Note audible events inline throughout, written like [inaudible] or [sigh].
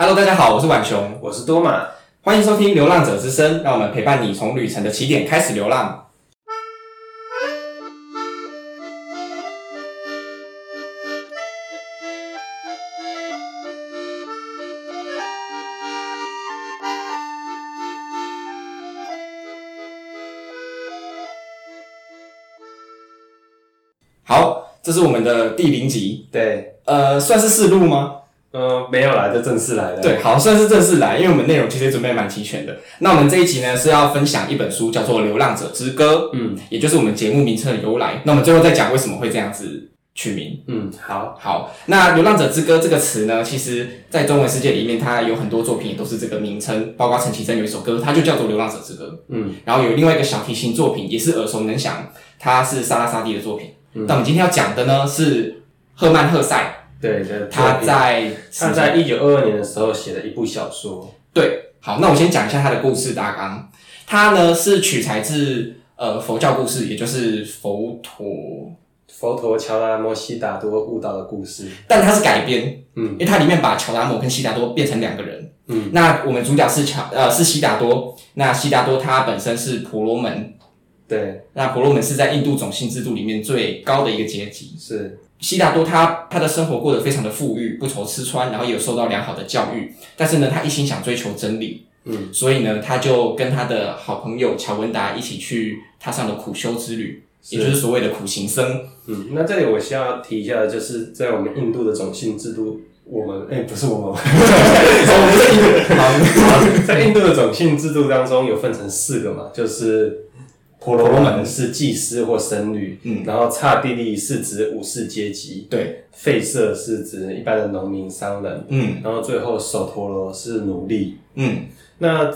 Hello，大家好，我是婉雄，我是多瑪，歡迎收聽《流浪者之聲》，讓我們陪伴你從旅程的起點開始流浪。好，這是我們的第零集，對，呃，算是試錄嗎？呃，沒有啦，就正式來了。對，好，算是正式來，因為我們內容其實準備蠻齊全的。那我們這一集呢，是要分享一本書，叫做《流浪者之歌》，嗯，也就是我們節目名稱的由來。那我們最後再講為什麼會這樣子取名。嗯，好，好。那《流浪者之歌》這個詞呢，其實在中文世界裡面，它有很多作品也都是這個名稱，包括陳綺貞有一首歌，它就叫做《流浪者之歌》。嗯，然後有另外一個小提琴作品，也是耳熟能詳，它是薩拉沙泰的作品。嗯，那我們今天要講的呢，是赫曼·赫塞。對對，他在他在一九二二年的時候寫了一部小說。嗯。對，好，那我先講一下他的故事大綱。他呢是取材自呃佛教故事，也就是佛陀佛陀喬達摩悉達多悟道的故事。但他是改編，嗯，因為他裡面把喬達摩跟悉達多變成兩個人。嗯，那我們主角是喬呃是悉達多。那悉達多他本身是婆羅門。對，那婆羅門是在印度種姓制度裡面最高的一個階級。是。悉達多他他的生活過得非常的富裕，不愁吃穿，然後也有受到良好的教育。但是呢，他一心想追求真理，嗯，所以呢，他就跟他的好朋友喬文達一起去踏上了苦修之旅，也就是所謂的苦行僧。嗯，那這裡我需要提一下的就是在我們印度的種姓制度，我們哎、欸、不是我們，在印度，在印度的種姓制度當中有分成四個嘛，就是。婆羅門是祭司或僧侶，嗯，然後剎帝利是指武士階級，對，嗯，吠舍是指一般的農民、商人，嗯，然後最後首陀羅是奴隸，嗯，那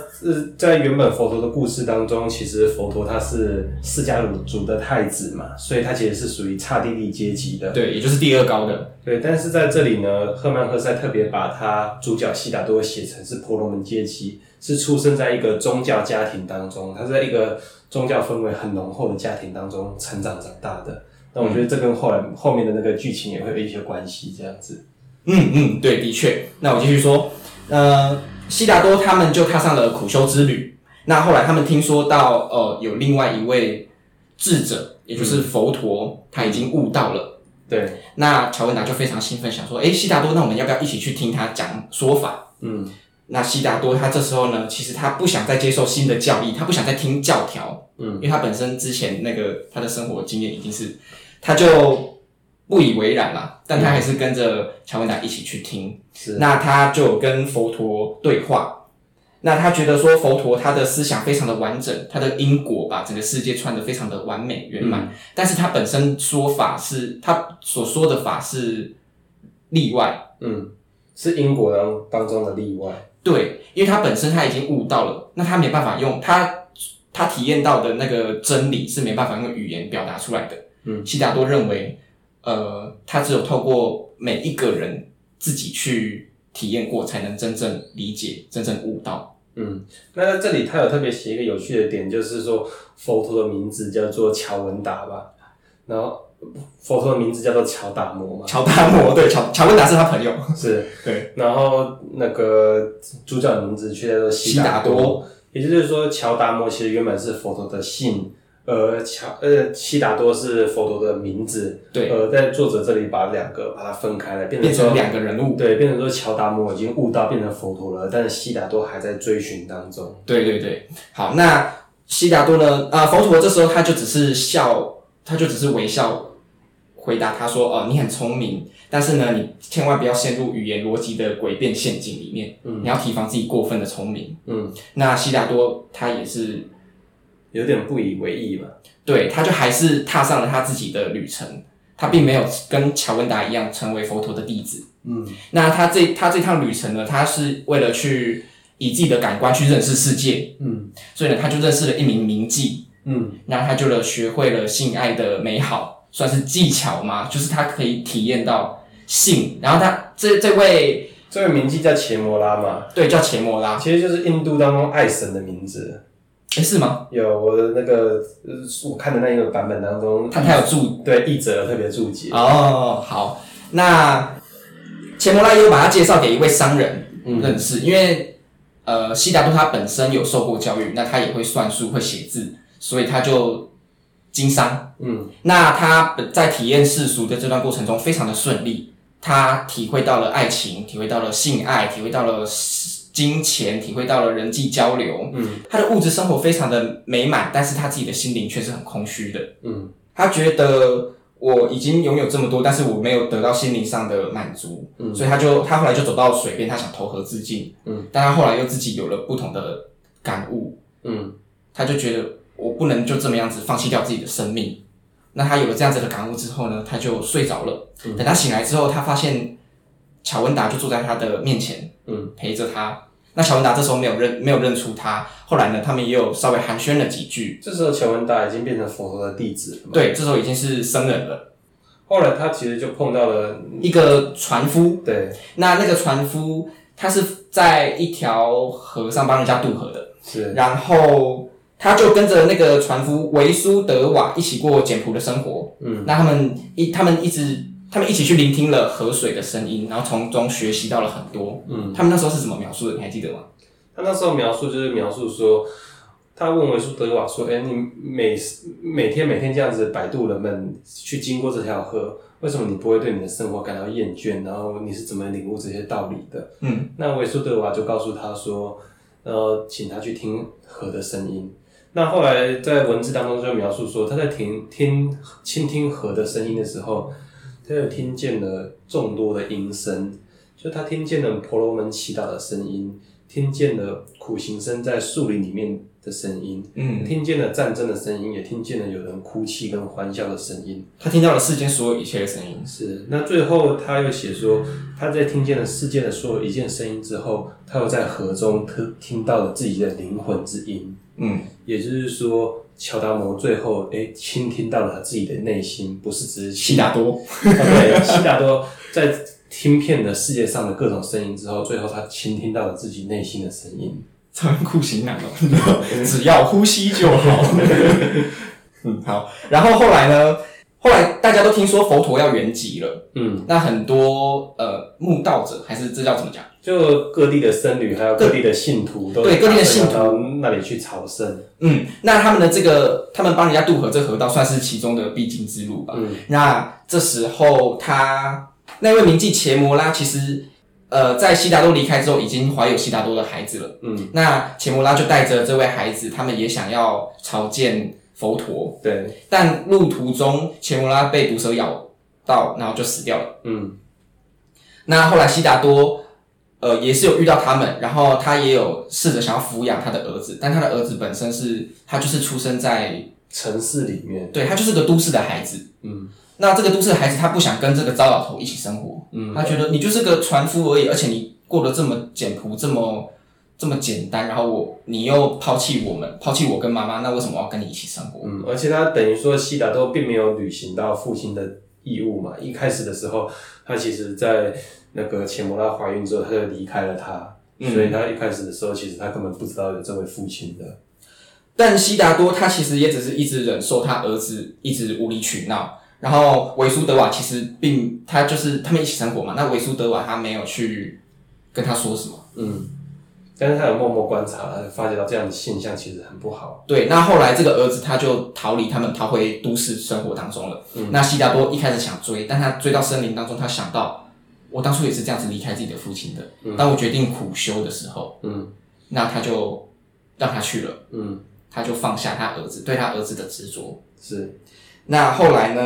在原本佛陀的故事當中，其實佛陀他是釋迦族族的太子嘛，所以他其實是屬於剎帝利階級的，對，也就是第二高的，對，但是在這裡呢，赫曼赫塞特別把他主角悉達多寫成是婆羅門階級。是出生在一個宗教家庭當中，他是在一個宗教氛圍很濃厚的家庭當中成長長大的。但我覺得這跟後來、嗯、後面的那個劇情也會有一些關係，這樣子。嗯嗯，對，的確。那我繼續說，呃，悉達多他們就踏上了苦修之旅。那後來他們聽說到，呃，有另外一位智者，也就是佛陀，嗯、他已經悟道了。對。那喬文達就非常興奮，想說：“誒、欸，悉達多，那我們要不要一起去聽他講說法？”嗯。那悉達多他這時候呢，其實他不想再接受新的教義，他不想再聽教條，嗯，因為他本身之前那個他的生活經驗已經是，他就不以為然了，但他還是跟着喬文達一起去聽，是、嗯，那他就跟佛陀對話，那他覺得說佛陀他的思想非常的完整，他的因果把整個世界串的非常的完美圓滿，嗯，但是他本身說法是，他所說的法是例外，嗯，是因果當當中的例外。對，因為他本身他已經悟到了，那他沒辦法用他他體驗到的那個真理是沒辦法用語言表達出來的。嗯，悉達多認為，呃，他只有透過每一個人自己去體驗過，才能真正理解，真正悟到。嗯，那在這裡他有特別寫一個有趣的點，就是說佛陀的名字叫做喬文達吧，然後。佛陀的名字叫做喬達摩嘛，喬摩，喬達摩對，喬喬恩達是他朋友是，是，對。然後那個主角的名字卻叫做悉達多，也就是說喬達摩其實原本是佛陀的姓，呃喬呃悉達多是佛陀的名字，對。呃，在作者這裡把兩個把它分開了，變成兩個人物，對，變成說喬達摩已經悟道變成佛陀了，但是悉達多還在追尋當中。對對對，好，那悉達多呢？啊，佛陀這時候他就只是笑，他就只是微笑。回答他說：“哦，你很聰明，但是呢，你千萬不要陷入語言邏輯的詭辯陷阱裡面。嗯，你要提防自己過分的聰明。”嗯，那悉達多他也是有點不以為意了，對，他就還是踏上了他自己的旅程。他並沒有跟喬文達一樣成為佛陀的弟子。嗯，那他這他這趟旅程呢，他是為了去以自己的感官去認識世界。嗯，所以呢，他就認識了一名名妓。嗯，然後他就了學會了性愛的美好。算是技巧嘛，就是他可以體驗到性。然後他這這位這位名字叫錢摩拉嘛？對，叫錢摩拉，其實就是印度當中愛神的名字。哎，是嗎？有我的那個呃，我看的那一個版本當中，他他有注對譯者、啊、特別注解哦。好，那錢摩拉又把他介紹給一位商人嗯，認識，嗯、因為呃，悉達多他本身有受過教育，那他也會算術，會寫字，所以他就。經商，嗯，那他在體驗世俗的這段過程中非常的順利，他體會到了愛情，體會到了性愛，體會到了金錢，體會到了人際交流，嗯，他的物質生活非常的美滿，但是他自己的心靈卻是很空虛的，嗯，他覺得我已經擁有這麼多，但是我沒有得到心靈上的滿足，嗯，所以他就他後來就走到了水邊，他想投河自盡，嗯，但他後來又自己有了不同的感悟，嗯，他就覺得。我不能就這麼樣子放棄掉自己的生命。那他有了這樣子的感悟之後呢，他就睡着了，嗯。等他醒來之後，他發現喬文達就坐在他的面前，嗯，陪着他。那喬文達這時候沒有認，沒有認出他。後來呢，他們也有稍微寒暄了幾句。這時候，喬文達已經變成佛陀的弟子了，對，這時候已經是僧人了。後來他其實就碰到了一個船夫，對，那那個船夫他是在一條河上幫人家渡河的，是，然後。他就跟着那個船夫維蘇德瓦一起過簡樸的生活。嗯，那他們一他們一直他們一起去聆聽了河水的聲音，然後從中學習到了很多。嗯，他們那時候是怎麼描述的？你還記得嗎？他那時候描述就是描述說，他問維蘇德瓦說：“哎，你每每天每天這樣子擺渡人們去經過這條河，為什麼你不會對你的生活感到厭倦？然後你是怎麼領悟這些道理的？”嗯，那維蘇德瓦就告訴他說：“然後，請他去聽河的聲音。”那後來在文字當中就描述說，他在聽聽傾聽河的聲音的時候，他又聽見了眾多的音聲，就他聽見了婆羅門祈禱的聲音。聽見了苦行僧在樹林裡面的聲音，嗯，聽見了戰爭的聲音，也聽見了有人哭泣跟歡笑的聲音。他聽到了世間所有一切的聲音。是，那最後他又寫說，他在聽見了世界的所有一切聲音之後，他又在河中聽到了自己的靈魂之音。嗯，也就是說，喬達摩最後誒傾、欸、聽到了他自己的內心，不是只是悉達多， [laughs] 啊、對，悉達多在。聽遍了世界上的各種聲音之後，最後他傾聽到了自己內心的聲音。殘酷信仰了，只要呼吸就好。嗯，好。然後後來呢？後來大家都聽說佛陀要圓寂了。嗯，那很多呃，慕道者還是知道怎麼講？就各地的僧侶，還有各地的信徒，對，都對各地的信徒從那裡去朝聖。嗯，那他們的這個，他們幫人家渡河，這河道算是其中的必經之路吧？嗯，那這時候他。那位名妓錢摩拉其實，呃，在悉達多離開之後，已經懷有悉達多的孩子了。嗯，那切摩拉就帶着這位孩子，他們也想要朝見佛陀。對。但路途中，切摩拉被毒蛇咬到，然後就死掉了。嗯。那後來悉達多，呃，也是有遇到他們，然後他也有試着想要撫養他的兒子，但他的兒子本身是，他就是出生在城市裡面，對，他就是個都市的孩子。嗯。那這個都市的孩子，他不想跟這個糟老頭一起生活。嗯，他覺得你就是個船夫而已，而且你過得這麼簡樸，這麼這麼簡單。然後我，你又拋棄我們，拋棄我跟媽媽，那為什麼要跟你一起生活？嗯，而且他等於說，悉達多並沒有履行到父親的義務嘛。一開始的時候，他其實，在那個錢摩拉懷孕之後，他就離開了他。嗯，所以他一開始的時候，其實他根本不知道有這位父親的。但悉達多，他其實也只是一直忍受他兒子一直無理取鬧。然後維蘇德瓦其實並他就是他們一起生活嘛，那維蘇德瓦他沒有去跟他說什麼，嗯，但是他有默默觀察了，他發覺到這樣的現象其實很不好。對，那後來這個兒子他就逃離他們，逃回都市生活當中了。嗯，那悉達多一開始想追，但他追到森林當中，他想到我當初也是這樣子離開自己的父親的。嗯，當我決定苦修的時候，嗯，那他就讓他去了，嗯，他就放下他兒子對他兒子的執着，是。那後來呢？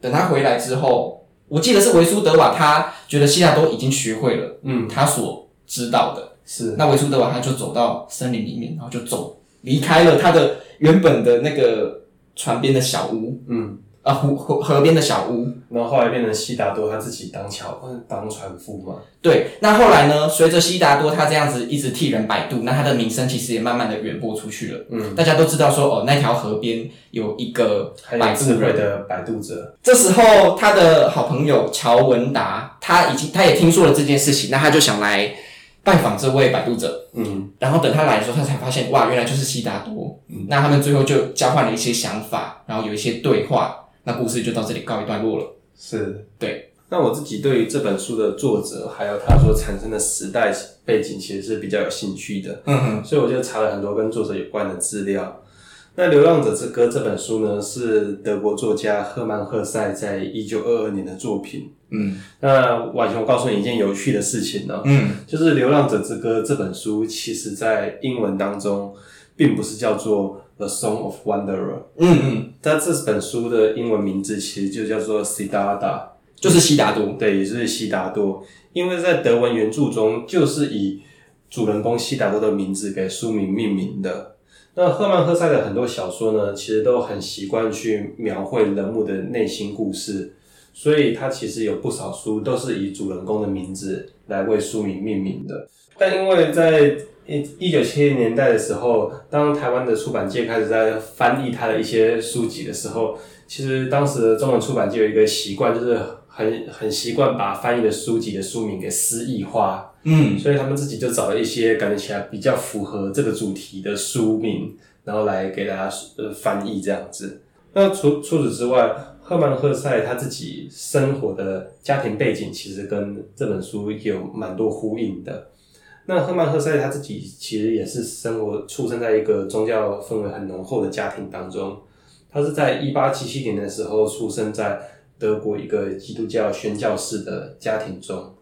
等他回來之後，我記得是維蘇德瓦，他覺得悉達多已經學會了，嗯，他所知道的。是。那維蘇德瓦，他就走到森林裡面，然後就走，離開了他的原本的那個船邊的小屋，嗯。啊，湖湖河河河邊的小屋，嗯，然後後來變成悉達多他自己當橋當船夫嘛。對，那後來呢？隨着悉達多他這樣子一直替人擺渡，那他的名聲其實也慢慢的遠播出去了。嗯，大家都知道說，哦，那條河邊有一個很智慧的擺渡者。這時候，他的好朋友喬文達他已經他也聽說了這件事情，那他就想來拜訪這位擺渡者。嗯，然後等他來的時候，他才發現，哇，原來就是悉達多，嗯。那他們最後就交換了一些想法，然後有一些對話。那故事就到這裡告一段落了是。是對。那我自己對於這本書的作者，還有它所產生的時代背景，其實是比較有興趣的。嗯哼。所以我就查了很多跟作者有關的資料。那《流浪者之歌》這本書呢，是德國作家赫曼·赫塞在一九二二年的作品。嗯。那婉熊，我想告訴你一件有趣的事情呢、哦。嗯。就是《流浪者之歌》這本書，其實在英文當中，並不是叫做 The Song of Wanderer，嗯嗯，他這本書的英文名字其實就叫做《悉達達》，就是悉達多，對，也就是悉達多，因為在德文原著中就是以主人公悉達多的名字給書名命名的。那赫曼·赫塞的很多小說呢，其實都很習慣去描繪人物的內心故事，所以他其實有不少書都是以主人公的名字來為書名命名的。但因為在一一九七零年代的時候，當台灣的出版界開始在翻譯他的一些書籍的時候，其實當時的中文出版界有一個習慣，就是很很習慣把翻譯的書籍的書名給詩意化。嗯，所以他們自己就找了一些感覺起來比較符合這個主題的書名，然後來給大家呃翻譯這樣子。那除除此之外，赫曼·赫塞他自己生活的家庭背景，其實跟這本書有蠻多呼應的。那赫曼·赫塞他自己其實也是生活出生在一個宗教氛圍很濃厚的家庭當中。他是在一八七七年的時候出生在德國一個基督教宣教士的家庭中。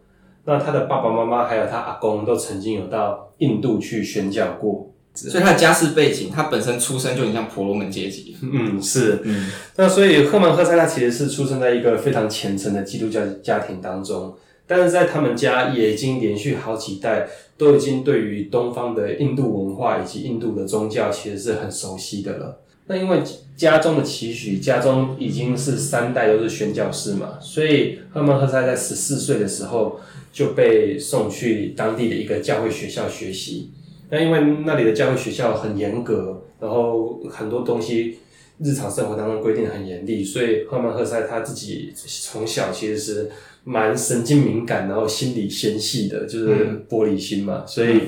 那他的爸爸媽媽還有他阿公都曾經有到印度去宣教過，所以他的家世背景，他本身出生就很像婆羅門階級。嗯，是，嗯。那所以赫曼·赫塞他其實是出生在一個非常虔誠的基督教家庭當中。但是在他們家，也已經連續好幾代都已經對於東方的印度文化以及印度的宗教，其實是很熟悉的了。那因為家中的期許，家中已經是三代都是宣教士嘛，所以赫曼·赫塞在十四歲的時候就被送去當地的一個教會學校學習。那因為那裡的教會學校很嚴格，然後很多東西日常生活當中規定的很嚴厲，所以赫曼·赫塞他自己從小其實是。蠻神經敏感，然後心理纖細的，就是玻璃心嘛，嗯、所以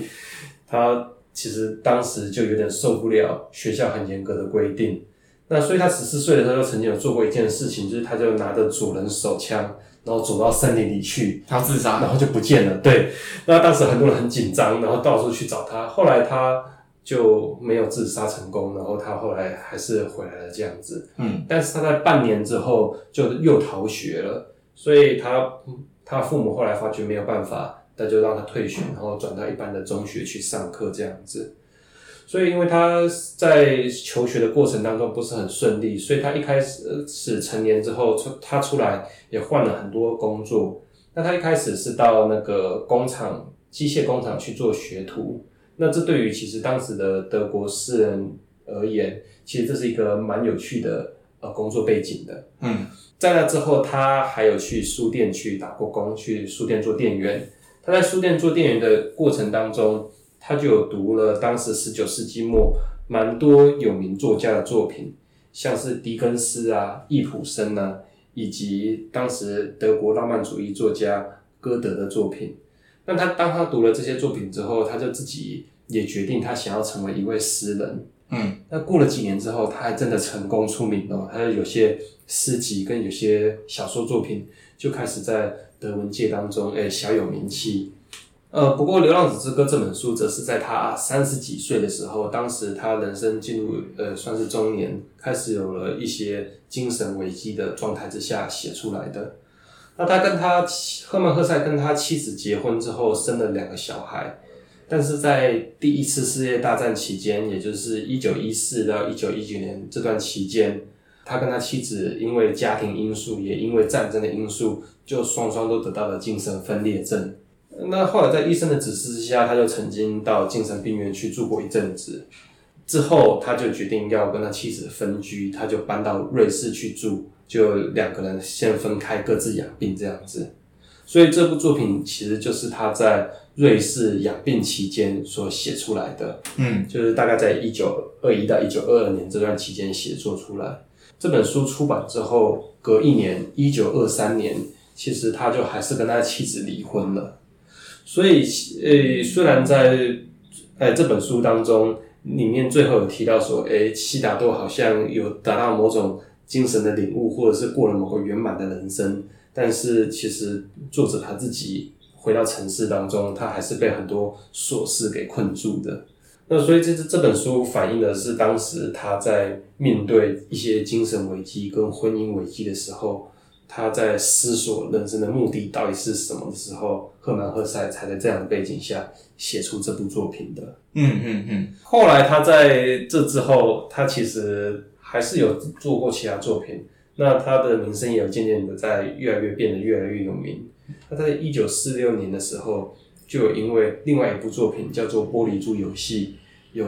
他其實當時就有點受不了學校很嚴格的規定。那所以，他十四歲的時候就曾經有做過一件事情，就是他就拿着主人手槍，然後走到森林裡去，他自殺，然後就不見了、嗯。對，那當時很多人很緊張、嗯，然後到處去找他。後來他就沒有自殺成功，然後他後來還是回來了這樣子。嗯，但是他在半年之後就又逃學了。所以他他父母後來發覺沒有辦法，那就讓他退學，然後轉到一般的中學去上課這樣子。所以，因為他在求學的過程當中不是很順利，所以他一開始是成年之後出他出來也換了很多工作。那他一開始是到那個工廠機械工廠去做學徒。那這對於其實當時的德國詩人而言，其實這是一個蠻有趣的。呃，工作背景的，嗯，在那之後，他還有去書店去打過工，去書店做店員。他在書店做店員的過程當中，他就有讀了當時十九世紀末蠻多有名作家的作品，像是狄更斯啊、易卜生啊，以及當時德國浪漫主義作家歌德的作品。那他當他讀了這些作品之後，他就自己也決定他想要成為一位詩人。嗯，那、嗯、過了幾年之後，他還真的成功出名了。他有些詩集跟有些小說作品就開始在德文界當中，哎、欸，小有名氣。呃，不過《流浪者之歌》這本書，則是在他三十幾歲的時候，當時他人生進入呃，算是中年，開始有了一些精神危機的狀態之下寫出來的。那他跟他赫曼·赫塞跟他妻子結婚之後，生了兩個小孩。但是在第一次世界大戰期間，也就是一九一四到一九一九年這段期間，他跟他妻子因為家庭因素，也因為戰爭的因素，就雙雙都得到了精神分裂症。那後來在醫生的指示之下，他就曾經到精神病院去住過一陣子。之後他就決定要跟他妻子分居，他就搬到瑞士去住，就兩個人先分開各自養病這樣子。所以這部作品其實就是他在。瑞士養病期間所寫出來的，嗯，就是大概在一九二一到一九二二年這段期間寫作出來。這本書出版之後，隔一年，一九二三年，其實他就還是跟他妻子離婚了。所以，呃、欸，雖然在，哎，這本書當中，裡面最後有提到說，誒，悉達多好像有達到某種精神的領悟，或者是過了某個圓滿的人生，但是其實作者他自己。回到城市當中，他還是被很多瑣事給困住的。那所以，這這這本書反映的是當時他在面對一些精神危機跟婚姻危機的時候，他在思索人生的目的到底是什麼的時候，赫曼·赫塞才在這樣的背景下寫出這部作品的。嗯嗯嗯。後來他在這之後，他其實還是有做過其他作品，那他的名聲也有漸漸的在越來越變得越來越有名。他在一九四六年的時候，就因為另外一部作品叫做《玻璃珠遊戲》，有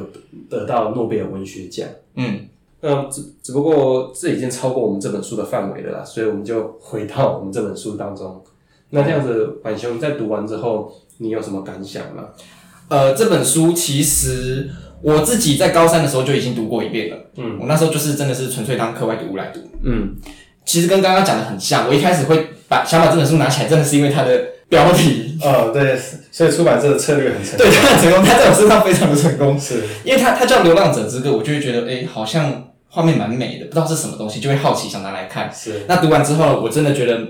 得到諾貝爾文學獎。嗯，那只只不過這已經超過我們這本書的範圍了啦。所以我們就回到我們這本書當中。那這樣子，晚兄在讀完之後，你有什麼感想嗎？呃，這本書其實我自己在高三的時候就已經讀過一遍了。嗯，我那時候就是真的是純粹當課外讀物來讀。嗯，其實跟剛剛講的很像，我一開始會。把想把這本書拿起來，真的是因為它的標題。哦，對，所以出版社的策略很成功。對，他很成功，它在我身上非常的成功。是。因為它它叫《流浪者之歌》，我就會覺得，哎、欸，好像畫面蠻美的，不知道是什麼東西，就會好奇想拿來看。是。那讀完之後，我真的覺得，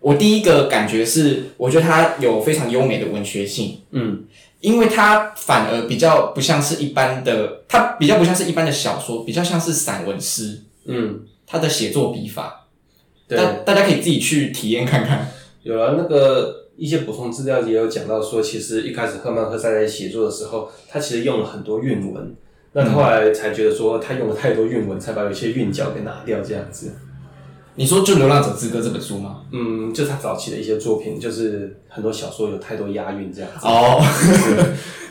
我第一個感覺是，我覺得它有非常優美的文學性。嗯。因為它反而比較不像是一般的，它比較不像是一般的小說，比較像是散文詩。嗯。它的寫作筆法。對，大家可以自己去體驗看看。有了、啊、那個一些補充資料也有講到說，其實一開始赫曼赫塞在在寫作的時候，他其實用了很多韻文，嗯、那他後來才覺得說他用了太多韻文，才把有一些韻腳給拿掉這樣子。你說就《流浪者之歌》這本書嗎？嗯，就是他早期的一些作品，就是很多小說有太多押韻這樣子。哦 [laughs] 是，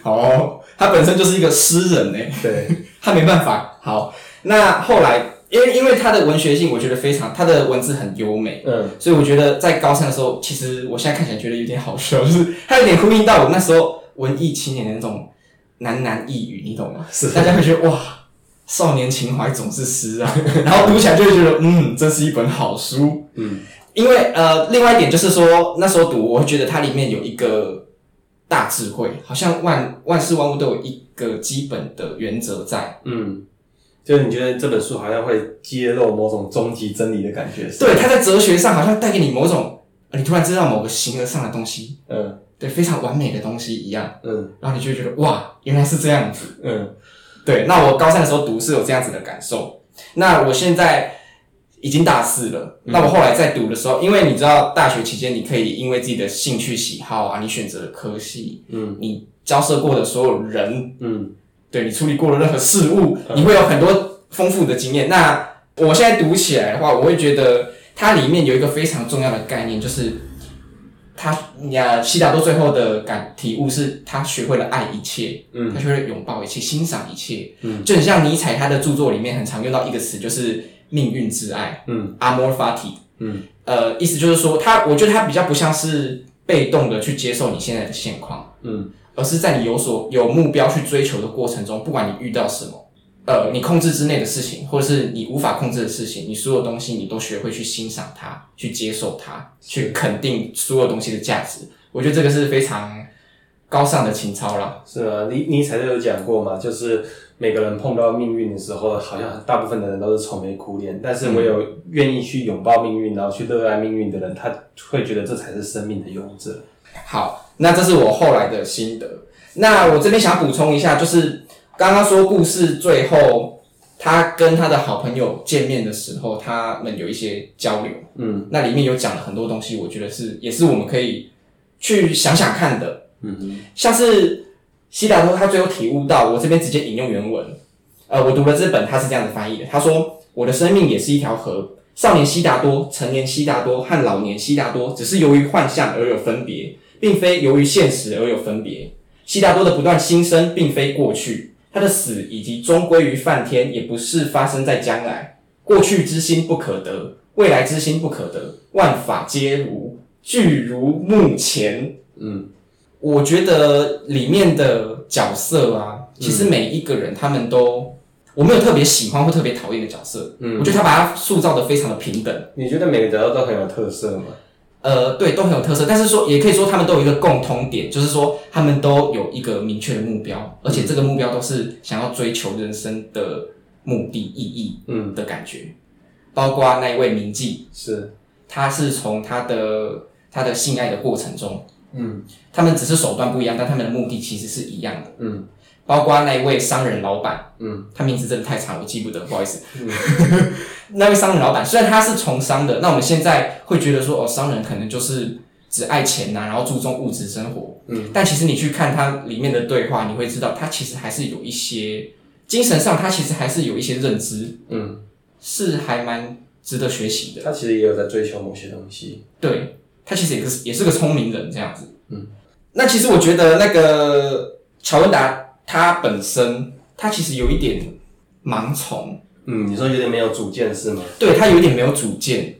哦，他本身就是一個詩人呢，對， [laughs] 他沒辦法。好，那後來。因為因為它的文學性，我覺得非常，它的文字很優美，嗯，所以我覺得在高三的時候，其實我現在看起來覺得有點好笑， [laughs] 就是它有點呼應到我那時候文藝青年的那種喃喃呓語，你懂嗎？是，大家會覺得 [laughs] 哇，少年情懷總是詩啊， [laughs] 然後讀起來就會覺得， [laughs] 嗯，這是一本好書，嗯，因為呃，另外一點就是說，那時候讀，我會覺得它裡面有一個大智慧，好像萬萬事萬物都有一個基本的原則在，嗯。就你覺得這本書好像會揭露某種終極真理的感覺是不是？對，它在哲學上好像帶給你某種，你突然知道某個形而上的東西，嗯，對，非常完美的東西一樣，嗯，然後你就覺得哇，原來是這樣子，嗯，對，那我高三的時候讀是有這樣子的感受，那我現在已經大四了，那我後來在讀的時候，嗯、因為你知道大學期間你可以因為自己的興趣喜好啊，你選擇了科系，嗯，你交涉過的所有人，嗯。對你處理過了任何事物，你會有很多豐富的經驗。那我現在讀起來的話，我會覺得它裡面有一個非常重要的概念，就是他呀，悉達多最後的感體悟是，他學會了愛一切，嗯，他學會了擁抱一切，欣賞一切，嗯，就很像尼采他的著作裡面很常用到一個詞，就是命運之愛，嗯，amor fati，嗯，呃，意思就是說，他我覺得他比較不像是被動的去接受你現在的現況，嗯。而是在你有所有目標去追求的過程中，不管你遇到什麼，呃，你控制之內的事情，或者是你無法控制的事情，你所有東西你都學會去欣賞它，去接受它，去肯定所有東西的價值。我覺得這個是非常高尚的情操啦。是啊，尼尼采都有講過嘛，就是每個人碰到命運的時候，好像大部分的人都是愁眉苦臉，嗯，但是，唯有願意去擁抱命運，然後去熱愛命運的人，他會覺得這才是生命的勇者。好。那這是我後來的心得。那我這邊想補充一下，就是剛剛說故事最後，他跟他的好朋友見面的時候，他們有一些交流。嗯，那裡面有講了很多東西，我覺得是也是我們可以去想想看的。嗯，像是悉達多他最後體悟到，我這邊直接引用原文。呃，我讀了這本，他是這樣子翻譯的，他說：“我的生命也是一條河，少年悉達多、成年悉達多和老年悉達多，只是由於幻象而有分別。”並非由於現實而有分別。悉達多的不斷新生，並非過去；他的死以及終歸於梵天，也不是發生在將來。過去之心不可得，未來之心不可得，萬法皆如，俱如目前。嗯，我覺得裡面的角色啊，嗯、其實每一個人他們都，我沒有特別喜歡或特別討厭的角色。嗯，我覺得他把他塑造得非常的平等。你覺得每個角色都很有特色嗎？呃，對，都很有特色，但是說也可以說，他們都有一個共通點，就是說他們都有一個明確的目標，而且這個目標都是想要追求人生的目的意義，嗯的感覺、嗯，包括那一位名妓是，他是從他的他的性愛的過程中，嗯，他們只是手段不一樣，但他們的目的其實是一樣的，嗯。包括那一位商人老闆，嗯，他名字真的太長，我記不得，不好意思。嗯、 [laughs] 那位商人老闆雖然他是從商的，那我們現在會覺得說哦，商人可能就是只愛錢吶、啊，然後注重物質生活，嗯，但其實你去看他裡面的對話，你會知道他其實還是有一些精神上，他其實還是有一些認知，嗯，是還蠻值得學習的。他其實也有在追求某些東西，對，他其實也是也是個聰明人這樣子，嗯。那其實我覺得那個喬文達。他本身，他其實有一點盲從。嗯，你說有點沒有主見是嗎？對，他有點沒有主見。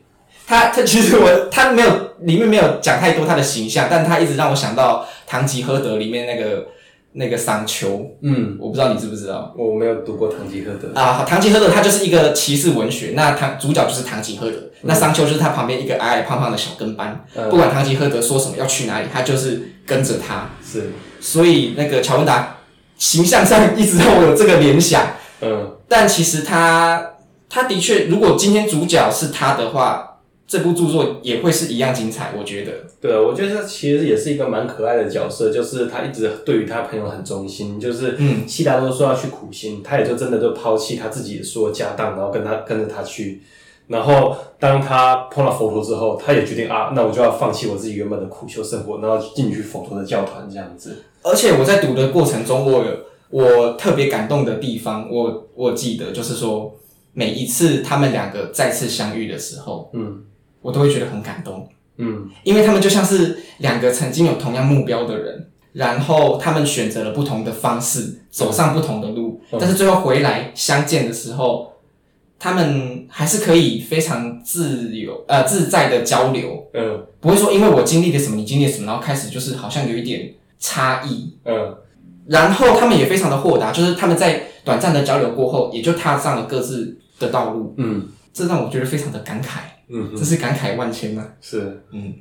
他他其實我他沒有裡面沒有講太多他的形象，但他一直讓我想到《堂吉訶德》裡面那個那個桑丘。嗯，我不知道你知不知道。我沒有讀過《堂吉訶德》。啊，《堂吉訶德》他就是一個騎士文學，那他主角就是堂吉訶德，嗯，那桑丘就是他旁邊一個矮矮胖胖的小跟班。嗯，不管堂吉訶德說什麼要去哪裡，他就是跟着他。是，所以那個喬文達。形象上一直讓我有這個聯想，嗯，但其實他他的確，如果今天主角是他的話，這部著作也會是一樣精彩，我覺得。對，我覺得他其實也是一個蠻可愛的角色，就是他一直對於他朋友很忠心，就是嗯，悉達多說要去苦行，嗯、他也就真的就拋棄他自己的所有家當，然後跟他跟着他去。然後，當他碰到佛陀之後，他也決定啊，那我就要放棄我自己原本的苦修生活，然後進去佛陀的教團這樣子。而且我在讀的過程中，我有我特別感動的地方，我我記得就是說，每一次他們兩個再次相遇的時候，嗯，我都會覺得很感動，嗯，因為他們就像是兩個曾經有同樣目標的人，然後他們選擇了不同的方式，走上不同的路，嗯，但是最後回來相見的時候。他們還是可以非常自由、呃自在的交流，嗯、呃，不會說因為我經歷了什麼，你經歷了什麼，然後開始就是好像有一點差異，嗯、呃，然後他們也非常的豁達，就是他們在短暫的交流過後，也就踏上了各自的道路，嗯，這讓我覺得非常的感慨，嗯，嗯，這是感慨萬千吶、啊，是，嗯，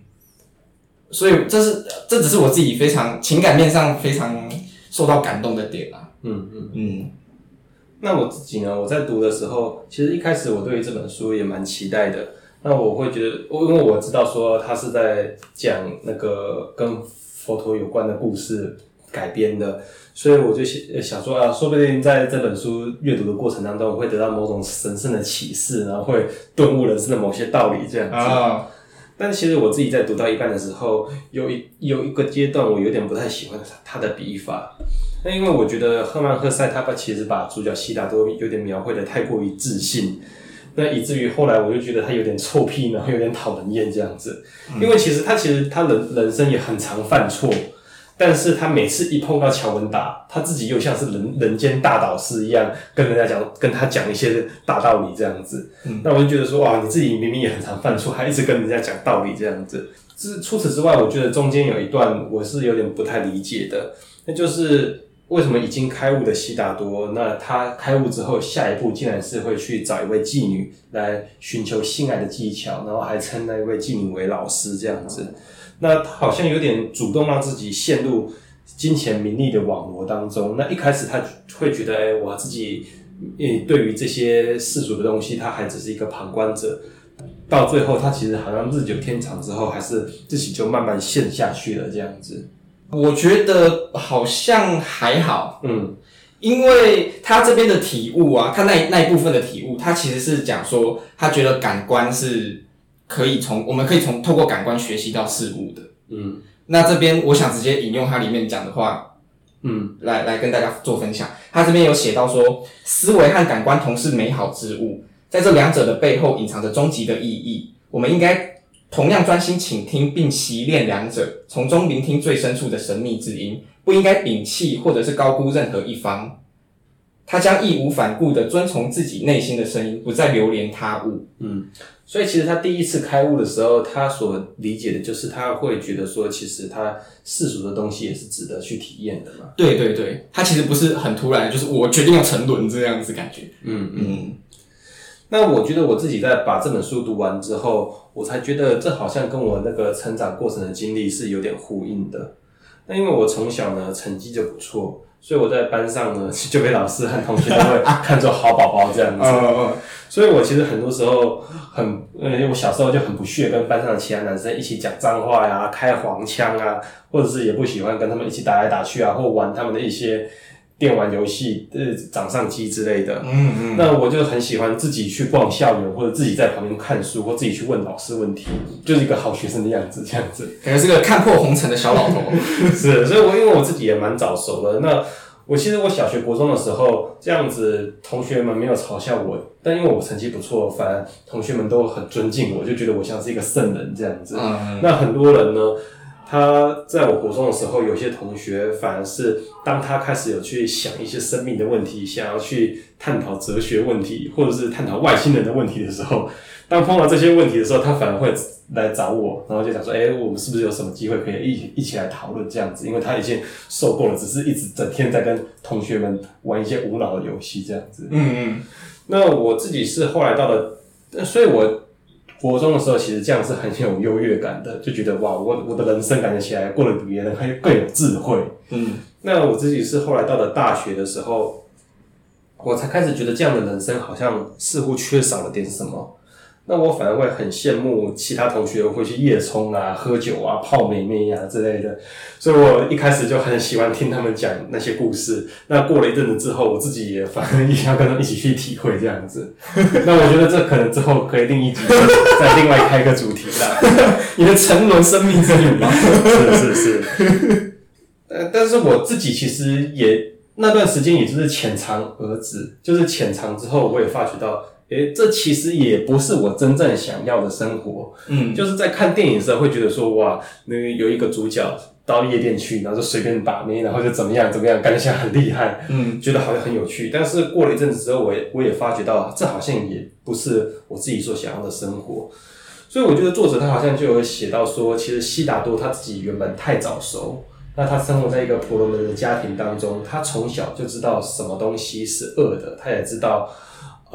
所以這是這只是我自己非常情感面上非常受到感動的點啦、啊、嗯嗯嗯。嗯那我自己呢？我在讀的時候，其實一開始我對於這本書也蠻期待的。那我會覺得，因為我知道說他是在講那個跟佛陀有關的故事改編的，所以我就想說啊，說不定在這本書閱讀的過程當中，我會得到某種神聖的啟示，然後會頓悟人生的某些道理這樣子。Oh. 但其實我自己在讀到一半的時候，有一有一個階段，我有點不太喜歡他的筆法。那因為我覺得赫曼·赫塞他把其實把主角悉達多有點描繪得太過於自信，那以至於後來我就覺得他有點臭屁呢，然後有點討人厭這樣子。因為其實他其實他人人生也很常犯錯，但是他每次一碰到喬文達，他自己又像是人人間大導師一樣，跟人家講跟他講一些大道理這樣子。那我就覺得說，哇，你自己明明也很常犯錯，還一直跟人家講道理這樣子。之除此之外，我覺得中間有一段我是有點不太理解的，那就是。為什麼已經開悟的悉達多，那他開悟之後，下一步竟然是會去找一位妓女來尋求性愛的技巧，然後還稱那一位妓女為老師這樣子？嗯、那他好像有點主動讓自己陷入金錢名利的網羅當中。那一開始他會覺得，哎，我自己，呃，對於這些世俗的東西，他還只是一個旁觀者。到最後，他其實好像日久天長之後，還是自己就慢慢陷下去了這樣子。我覺得好像還好，嗯，因為他這邊的體悟啊，他那那一部分的體悟，他其實是講說，他覺得感官是可以從，我們可以從透過感官學習到事物的，嗯，那這邊我想直接引用他裡面講的話，嗯，來來跟大家做分享，他這邊有寫到說，思維和感官同是美好之物，在這兩者的背後隱藏着終極的意義，我們應該。同樣專心傾聽並習練兩者，從中聆聽最深處的神秘之音。不應該摒棄或者是高估任何一方。他將義無反顧地遵從自己內心的聲音，不再流連他物。嗯，所以其實他第一次開悟的時候，他所理解的就是，他會覺得說，其實他世俗的東西也是值得去體驗的嘛。對對對，他其實不是很突然，就是我決定要沉淪這樣子的感覺。嗯嗯。嗯那我覺得我自己在把這本書讀完之後，我才覺得這好像跟我那個成長過程的經歷是有點呼應的。那因為我從小呢成績就不錯，所以我在班上呢就被老師和同學都會看作好寶寶這樣子。 [laughs] 所以我其實很多時候很，因為我小時候就很不屑跟班上的其他男生一起講髒話呀、啊、開黃腔啊，或者是也不喜歡跟他們一起打來打去啊，或玩他們的一些。電玩遊戲、呃、就是，掌上機之類的，嗯嗯，那我就很喜歡自己去逛校園，或者自己在旁邊看書，或自己去問老師問題，就是一個好學生的樣子，這樣子。可能是個看破紅塵的小老頭， [laughs] 是。所以，我因為我自己也蠻早熟的。那我其實我小學、國中的時候，這樣子，同學們沒有嘲笑我，但因為我成績不錯，反而同學們都很尊敬我，就覺得我像是一個聖人這樣子。嗯。那很多人呢？他在我國中的時候，有些同學反而是當他開始有去想一些生命的問題，想要去探討哲學問題，或者是探討外星人的問題的時候，當碰到這些問題的時候，他反而會來找我，然後就想說：“哎，我們是不是有什麼機會可以一一起來討論這樣子？”因為他已經受夠了，只是一直整天在跟同學們玩一些無腦的遊戲這樣子。嗯嗯。那我自己是後來到了，所以我。國中的時候，其實這樣是很有優越感的，就覺得哇，我我的人生感覺起來過得比別人還更有智慧。嗯，那我自己是後來到了大學的時候，我才開始覺得這樣的人生好像似乎缺少了點什麼。那我反而會很羨慕其他同學會去夜衝啊、喝酒啊、泡美眉呀之類的，所以我一開始就很喜歡聽他們講那些故事。那過了一陣子之後，我自己也反而也想跟他們一起去體會這樣子。 [laughs] 那我覺得這可能之後可以另一集再另外開個主題啦， [laughs] [laughs] 你的沉淪生命之旅。 [laughs] 是是是。呃，但是我自己其實也那段時間也就是淺嘗而止，就是淺嘗之後，我也發覺到。誒、欸，這其實也不是我真正想要的生活。嗯，就是在看電影的時候會覺得說，哇，那有一個主角到夜店去，然後就隨便把妹，然後就怎麼樣怎麼樣，感覺像很厲害。嗯，覺得好像很有趣。但是過了一陣子之後我也，我我也發覺到，這好像也不是我自己所想要的生活。所以我覺得作者他好像就有寫到說，其實悉達多他自己原本太早熟，那他生活在一個婆羅門的家庭當中，他從小就知道什麼東西是惡的，他也知道。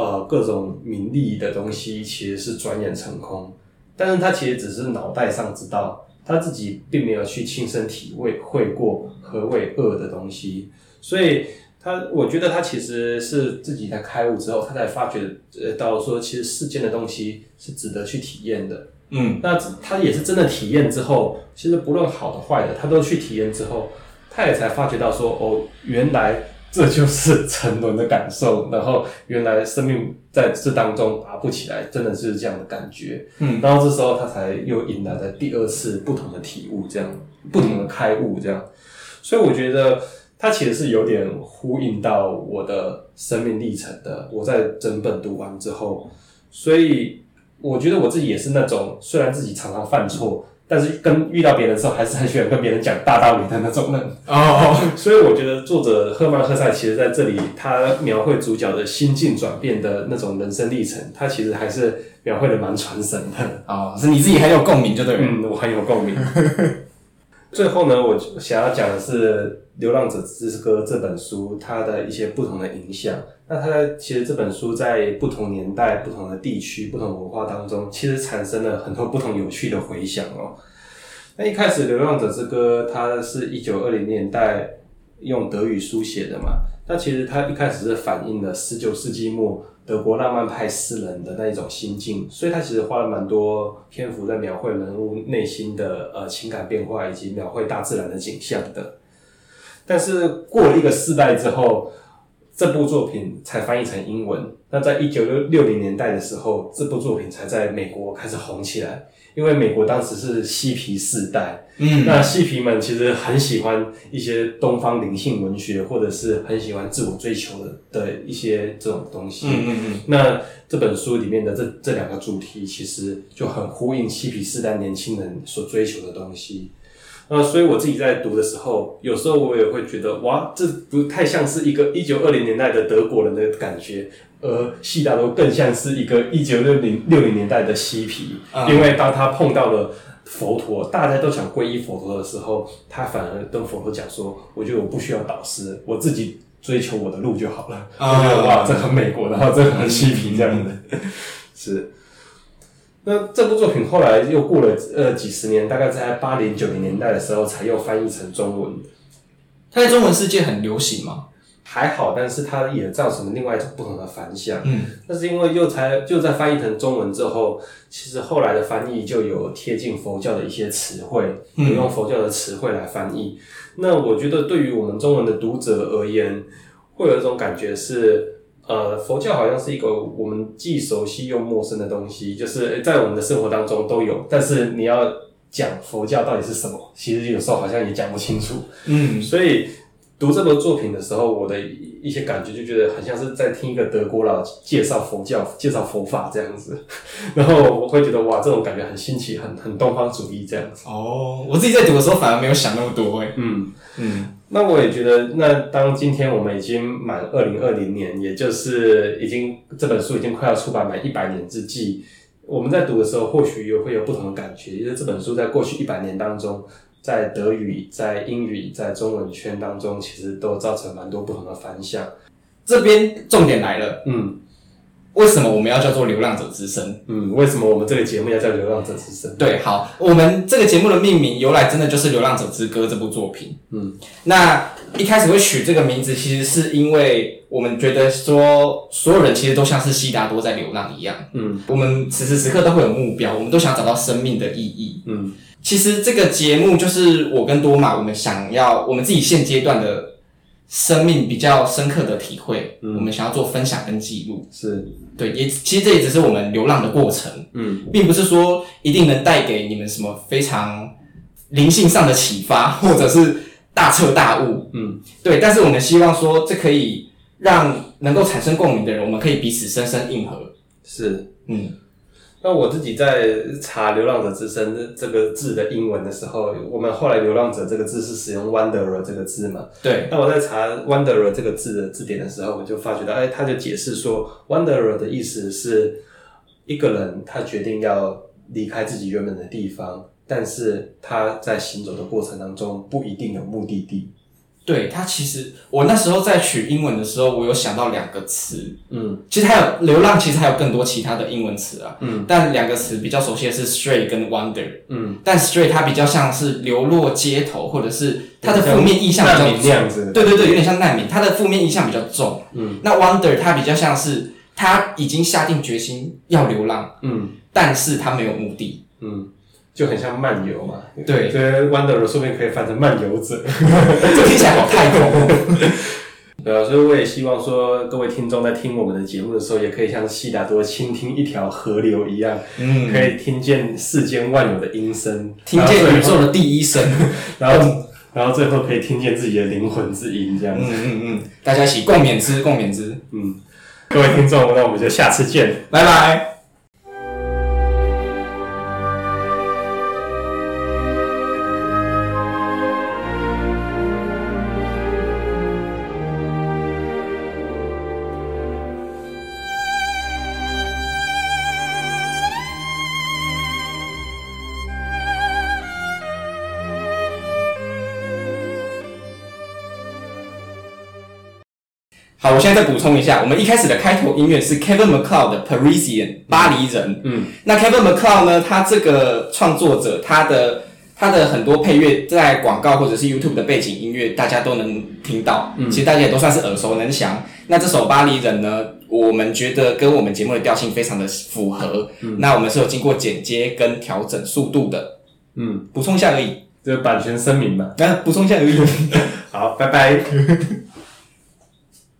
呃，各種名利的東西其實是轉眼成空，但是他其實只是腦袋上知道，他自己並沒有去親身體會會過何為惡的東西，所以他，我覺得他其實是自己在開悟之後，他才發覺，呃，到說其實世間的東西是值得去體驗的，嗯，那他也是真的體驗之後，其實不論好的壞的，他都去體驗之後，他也才發覺到說，哦，原來。這就是沉淪的感受，然後原來生命在這當中爬不起來，真的是這樣的感覺。嗯，然後這時候他才又迎來了第二次不同的體悟，這樣、嗯、不同的開悟，這樣。所以我覺得他其實是有點呼應到我的生命歷程的。我在整本讀完之後，所以我覺得我自己也是那種雖然自己常常犯錯。嗯但是跟遇到別人的時候，還是很喜歡跟別人講大道理的那種人。哦，哦， [laughs] 所以我覺得作者赫曼·赫塞其實在這裡，他描繪主角的心境轉變的那種人生歷程，他其實還是描繪的蠻傳神的。哦，是你自己很有共鳴就對了？嗯，我很有共鳴。 [laughs] 最後呢，我想要講的是。《流浪者之歌》這本書，它的一些不同的影響。那它其實這本書在不同年代、不同的地區、不同文化當中，其實產生了很多不同有趣的回響哦、喔。那一開始，《流浪者之歌》它是一九二零年代用德語書寫的嘛。那其實它一開始是反映了十九世紀末德國浪漫派詩人的那一種心境，所以它其實花了蠻多篇幅在描繪人物內心的呃情感變化，以及描繪大自然的景象的。但是過了一個世代之後，這部作品才翻譯成英文。那在一九六零年代的時候，這部作品才在美國開始紅起來。因為美國當時是嬉皮世代，嗯，那嬉皮們其實很喜歡一些東方靈性文學，或者是很喜歡自我追求的的一些這種東西。嗯嗯嗯。那這本書裡面的這這兩個主題，其實就很呼應嬉皮世代年輕人所追求的東西。那所以我自己在讀的時候，有時候我也會覺得，哇，這不太像是一個一九二零年代的德國人的感覺，而悉達多更像是一個一九六零六零年代的嬉皮，因為當他碰到了佛陀，大家都想皈依佛陀的時候，他反而跟佛陀講說，我覺得我不需要導師，我自己追求我的路就好了，uh -huh. 哇，這很美國，然後這很嬉皮，這樣子。uh -huh. [laughs] 是。那這部作品後來又過了呃幾十年，大概在八零九零年代的時候，才又翻譯成中文。它在中文世界很流行嘛？還好，但是它也造成了另外一種不同的反響。嗯，那是因為又才就在翻譯成中文之後，其實後來的翻譯就有貼近佛教的一些詞彙，嗯、有用佛教的詞彙來翻譯。那我覺得對於我們中文的讀者而言，會有一種感覺是。呃，佛教好像是一個我們既熟悉又陌生的東西，就是在我們的生活當中都有，但是你要講佛教到底是什麼，其實有時候好像也講不清楚。嗯，所以讀這部作品的時候，我的一些感覺就覺得很像是在聽一個德國佬介紹佛教、介紹佛法這樣子，然後我會覺得，哇，這種感覺很新奇，很很東方主義這樣子。哦，我自己在讀的時候反而沒有想那麼多哎、欸。嗯嗯。那我也覺得，那當今天我們已經滿二零二零年，也就是已經這本書已經快要出版滿一百年之際，我們在讀的時候或許也會有不同的感覺。因為這本書在過去一百年當中，在德語、在英語、在中文圈當中，其實都造成蠻多不同的反響。這邊重點來了，嗯。為什麼我們要叫做流浪者之聲？嗯，為什麼我們這個節目要叫流浪者之聲？對，好，我們這個節目的命名由來真的就是《流浪者之歌》這部作品。嗯，那一開始會取這個名字，其實是因為我們覺得說，所有人其實都像是悉達多在流浪一樣。嗯，我們此時此刻都會有目標，我們都想找到生命的意義。嗯，其實這個節目就是我跟多瑪，我們想要我們自己現階段的。生命比較深刻的體會，嗯、我們想要做分享跟記錄，是，對，也其實這也只是我們流浪的過程，嗯，並不是說一定能帶給你們什麼非常靈性上的啟發、嗯、或者是大徹大悟，嗯，對，但是我們希望說這可以讓能夠產生共鳴的人，我們可以彼此深深印合，是，嗯。那我自己在查“流浪者之歌”這個字的英文的時候，我們後來“流浪者”這個字是使用 “wanderer” 這個字嘛？對。那我在查 “wanderer” 這個字的字典的時候，我就發覺到，哎，他就解釋說，“wanderer” 的意思是，一個人他決定要離開自己原本的地方，但是他在行走的過程當中不一定有目的地。對它其實，我那時候在取英文的時候，我有想到兩個詞，嗯，其實還有流浪，其實還有更多其他的英文詞啊，嗯，但兩個詞比較熟悉的是 stray 跟 wonder，嗯，但 stray 它比較像是流落街頭，或者是它的負面意象比較，重，像難民那樣子。對對對，有點像難民，它的負面意象比較重，嗯，那 wonder 它比較像是他已經下定決心要流浪，嗯，但是他沒有目的，嗯。就很像漫遊嘛，對，所以 Wanderer 說不定可以翻成漫遊者， [laughs] 這聽起來好太空。 [laughs] 對啊，所以我也希望說，各位聽眾在聽我們的節目的時候，也可以像悉達多傾聽一條河流一樣，嗯，可以聽見世間萬有的音聲，聽見宇宙的第一聲，嗯，然後，然後最後可以聽見自己的靈魂之音，這樣子。嗯嗯，嗯，大家一起共勉之，共勉之。嗯，各位聽眾，那我們就下次見，拜拜。再補充一下，我們一開始的開頭音樂是 Kevin MacLeod 的《Parisian》，嗯，巴黎人。嗯，那 Kevin MacLeod 呢？他這個創作者，他的他的很多配樂在廣告或者是 YouTube 的背景音樂，大家都能聽到。嗯，其實大家也都算是耳熟能詳。那這首《巴黎人》呢，我們覺得跟我們節目的調性非常的符合。嗯，那我們是有經過剪接跟調整速度的。嗯，補充一下而已，就、這個、版權聲明嘛。那、啊、補充一下而已。 [laughs] 好，拜拜。 [laughs]